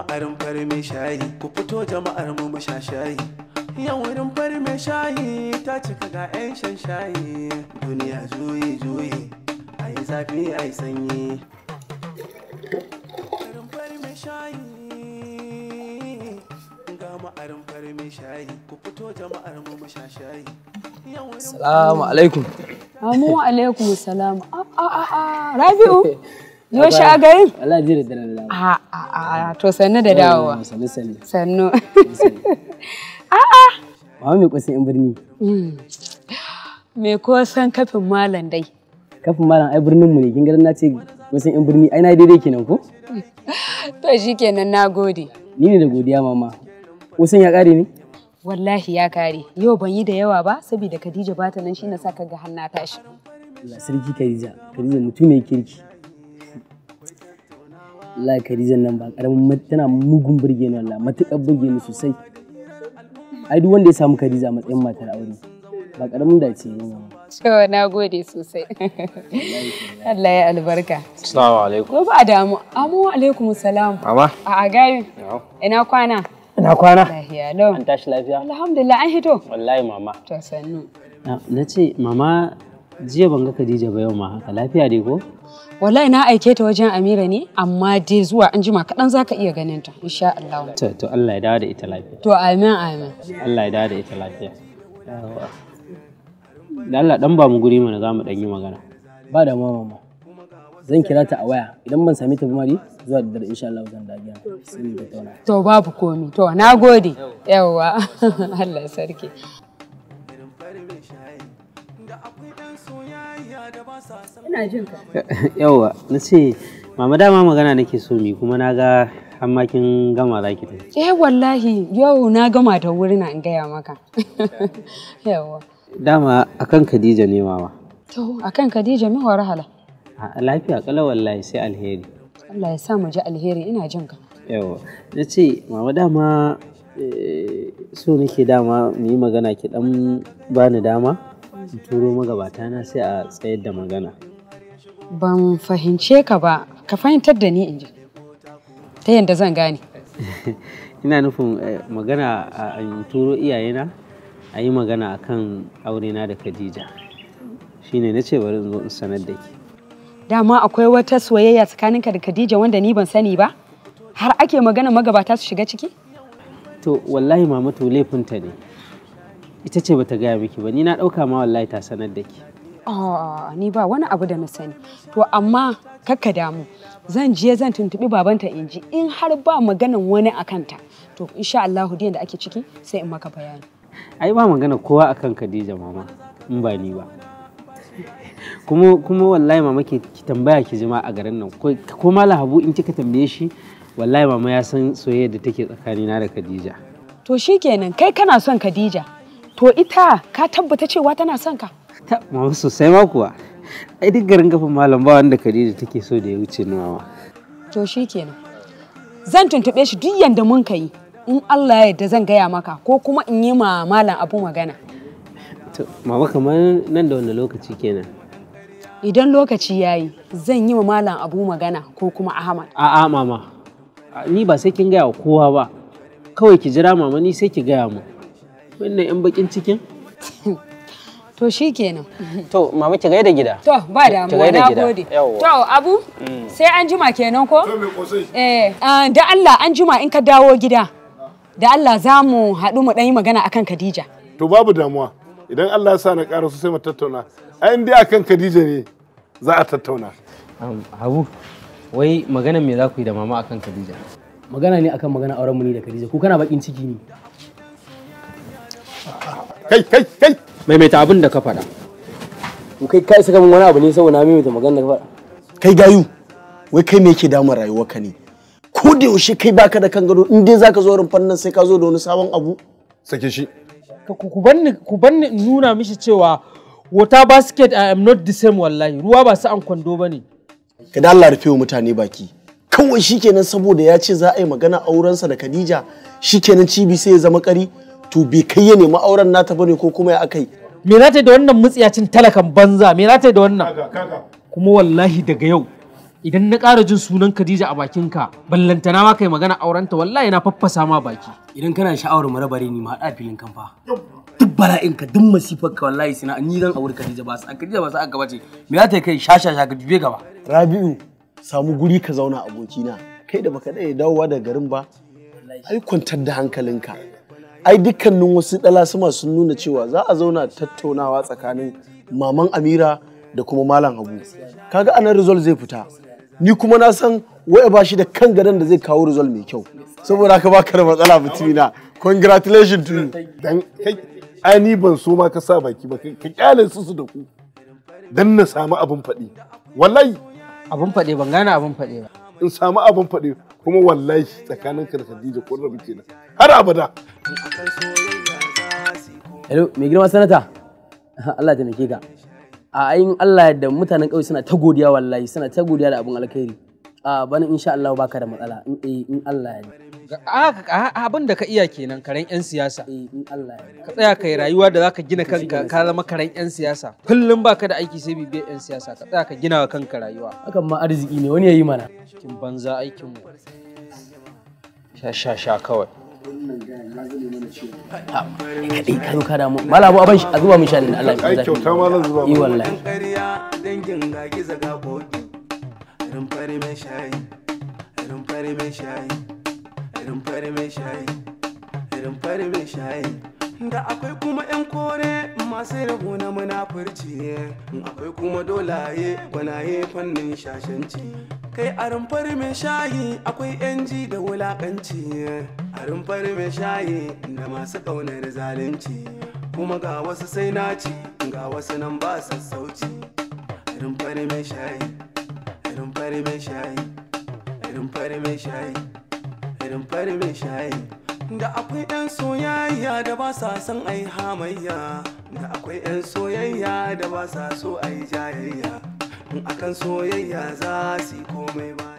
jama'ar fari mai shayi ku fito jama'ar mu mu sha shayi yau wurin fari mai shayi ta cika ga 'yan shan shayi duniya juyi juyi a yi zafi a yi sanyi garin fari mai shayi ga ma'ar fari mai shayi ku fito jama'ar mu mu sha shayi Assalamu alaikum. Amu alaikum salam. Ah ah ah ah. Rabi'u. Zo sha garin? Allah ji da dare da A'a, to sannu da dawowa. Sannu sannu. Sannu. A'a. Mama mai kusan in birni. Hmm. Me ko san kafin malam dai? Kafin malam ai birnin mu ne kin garin na ce kusan in birni ai na daidai kenan ko? To kenan na gode. Ni ne da godiya mama. Kusan ya kare ne? Wallahi ya kare. Yau ban yi da yawa ba saboda Khadija bata nan shi na sa ga hannata tashi. Allah sarki Khadija. Khadija mutum mai kirki. wallahi zan nan ba karamin tana mugun burge ni wallahi matukar burge ni sosai ai duk wanda ya samu Khadija a matsayin matar aure ba karamin dace ne to na gode sosai Allah ya albarka assalamu alaikum ko ba damu amu alaikum salam amma a gayu ina kwana ina kwana lafiya lo an tashi lafiya alhamdulillah an hito wallahi mama to sannu na ce mama jiya ban ga kadija ba yau ma haka lafiya dai ko wallahi na aike ta wajen Amira ne amma dai zuwa an jima kaɗan za ka iya ganin ta insha Allah. To, to Allah ya dawo da ita lafiya. To amin amin. Allah ya dawo da ita lafiya. Da Allah dan ba mu guri mana za mu dan yi magana. Ba da mama Zan kira ta a waya idan ban sami ta ba mari zuwa da dare insha Allah zan dagiya. Sai To babu komi. To nagode. yawa Allah sarki. Ina jin ka. Yawwa, na ce, Mama dama magana nake so mi kuma na ga hammakin gama za ki tafi. Eh wallahi yau na gama ta wuri na in gaya maka. Yawwa. Dama akan Khadija ne mama. To, akan Khadija mi wahala. Lafiya kala wallahi sai alheri. Allah ya sa mu ji alheri ina jin ka. Yawwa. Na ce, Mama dama eh, so nake dama mu yi magana ki dan bani dama. in turo magabata na sai a tsayar da magana ban fahimce ka ba ka fahimtar da ni inji ta yadda zan gane ina nufin eh, magana a turo iyayena a yi magana akan aurena da khadija shine na ce bari in zo in sanar da ke dama akwai wata soyayya tsakaninka da khadija wanda ni ban sani ba har ake magana magabata su shiga ciki to wallahi mamatu laifinta ne ita ce bata gaya miki ba ni na ɗauka ma wallahi ta sanar da ki ni ba wani abu da na sani to amma kakka damu zan je zan tuntubi babanta in ji in har ba maganan wani a kanta to insha Allah da ake ciki sai in maka bayani ai ba magana kowa akan Khadija mama in ba ni ba kuma kuma wallahi mama ki tambaya ki jima a garin nan ko mala habu in kika tambaye shi wallahi mama ya san soyayya da take tsakanina da Khadija to shikenan kai kana son Khadija To ita ka tabbata cewa tana son ka? Ta wasu sosai ma kuwa. Ai duk garin gafin malam ba wanda Khadija take so da ya wuce ni mama. To shikenan. Zan tuntuɓe shi duk yanda mun kai. In Allah ya yarda zan gaya maka ko kuma in yi ma malam abu magana. To mama kamar nan da wani lokaci kenan. Idan lokaci ya yi zan yi ma malam abu magana ko kuma Ahmad. A'a mama. Ni ba sai kin gaya wa kowa ba. Kawai ki jira mama ni sai ki gaya mu. Wannan 'yan bakin cikin? To shi kenan. To mama ki gaida gida. To ba mu na gode. To Abu mm. sai an jima kenan ko? Eh ah, da Allah an jima in ka dawo gida. Da Allah za mu haɗu mu ɗan yi magana akan Khadija. To babu damuwa. Idan Allah ya sa na ƙara su sai mu tattauna. Ai in dai akan Khadija ne za a tattauna. Abu wai magana me za ku yi da mama akan Khadija? Magana ne akan magana auren mu ne da Khadija. Ku kana bakin ciki ne. kai kai kai maimaita abin da ka faɗa kai kai saka min wani abu ne saboda na maimaita magana da ka faɗa kai gayu wai kai me yake damun ka ne ko da yaushe kai baka da kan gado in dai zaka zo rumfan fannin sai ka zo da wani sabon abu sake shi ku banni ku banni nuna mishi cewa water basket i am not the same wallahi ruwa ba su an kwando bane ka da Allah rufe wa mutane baki kawai shikenan saboda ya ce za a yi magana aurensa da Khadija shikenan cibi sai ya zama kari to be kai ya nemi auren nata bane ko kuma ya akai me za ta yi da wannan mutsiyacin talakan banza me za ta yi da wannan kuma wallahi daga yau idan na ƙara jin sunan Khadija a bakinka ballantana ma kai magana aurenta wallahi na faffasa ma baki idan kana sha'awar marabare ni ma a filin kan fa duk bala'inka duk ka wallahi sina yi zan aure Khadija ba sa Khadija ba sa aka bace me za ta kai sha ka dube gaba Rabi'u samu guri ka zauna abokina kai da baka da dawowa daga garin ba ai kwantar da hankalinka ai dukkanin wasu sama sun nuna cewa za a zauna tattaunawa tsakanin maman amira da kuma malam habu kaga anan result zai fita ni kuma na san waya ba shi da kan gadon da zai kawo result mai kyau saboda haka baka da matsala mutumina congratulations to you dan kai ai ni ban so ma ka sa baki ba ka kyale su su da ku dan na samu abin fadi wallahi abin fade ban gane abin fade ba in samu abin fade kuma wallahi tsakanin ka da Khadija kun kenan har abada hello mai girma sanata Allah ta ka a ayin Allah da mutanen ƙauye suna ta godiya wallahi suna ta godiya da abun alkhairi a bana insha Allah baka da matsala in eh, in Allah ya abin da ka iya kenan karen yan siyasa eh, in Allah ya ka tsaya kai rayuwa da zaka gina kanka ka zama karen yan siyasa kullum baka da aiki sai bibiyar yan siyasa ka tsaya ka gina wa kanka rayuwa hakan ma arziki ne wani yayi mana kin banza aikin mu sha sha sha kawai kaɗai ka zo ka damu malamu abin a zuba min shanin Allah ya zaki kyauta ma zan zuba ƙarya dangin ga giza ga bogi irin fari mai shayi irin fari mai shayi irin fari mai shayi irin fari mai shayi da akwai kuma yan kore masu rabu na munafurci akwai kuma dolaye gwanaye fannin shashanci kai a rumfar mai shayi akwai yanji da wulakanci a rumfar mai shayi da masu ƙaunar zalunci kuma ga wasu sai naci ga wasu nan ba sassauci rumfar mai shayi rumfar mai shayi rumfar mai shayi rumfar mai shayi da akwai yan soyayya da ba sa son ai hamayya da akwai yan soyayya da ba sa so ai jayayya akan soyayya za su komai ba